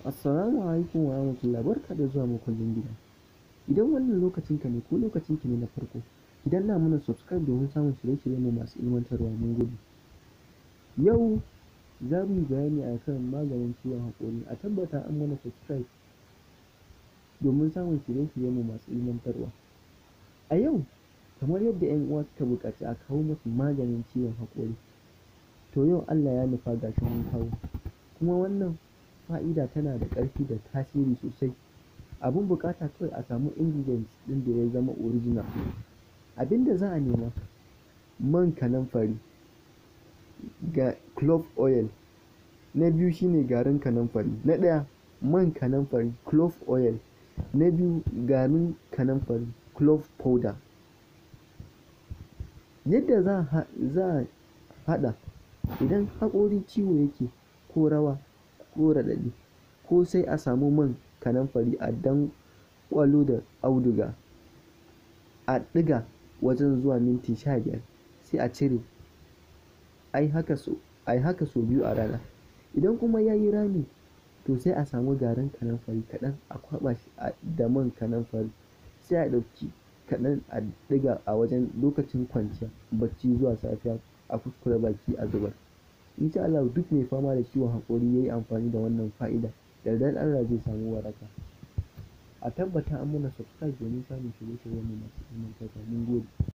Assalamu alaikum wa rahmatullahi barka da zuwa makullin gida. Idan wannan lokacin ka ne ko lokacin ki ne na farko, idan na mana subscribe domin samun shirye-shirye mu masu ilmantarwa mun gode. Yau za mu yi bayani a kan maganin ciwon haƙori. A tabbata an mana subscribe domin samun shirye-shirye mu masu ilmantarwa. A yau kamar yadda 'yan uwa suka buƙaci a kawo musu maganin ciwon hakori. To yau Allah ya nufa ga shi mun kawo. Kuma wannan fa'ida tana da ƙarfi da tasiri sosai Abin buƙata kawai a samu ingredients ɗin da ya zama original abin da za a nema man kanumfari, ga clove oil na biyu shine garin kanamfari na ɗaya man kanumfari, clove oil na biyu garin kanumfari, clove powder yadda za a haɗa idan haƙori ciwo yake ko rawa ko raɗaɗi ko sai a samu man kanamfari a danƙwalo da auduga a ɗiga wajen zuwa minti sha biyar sai a cire ai haka so biyu a rana idan kuma ya yi rami to sai a samu garin kanamfari kaɗan a kwaba shi da man kanamfari sai a ɗauki kaɗan a ɗiga a wajen lokacin kwanciya bacci zuwa safiya a kuskure baki a zubar insha Allah duk mai fama da ciwon haƙori yi amfani da wannan fa'ida da dan Allah zai samu waraka a tabbata an muna subscribe domin samun shirye mu masu ilmantarwa mun gode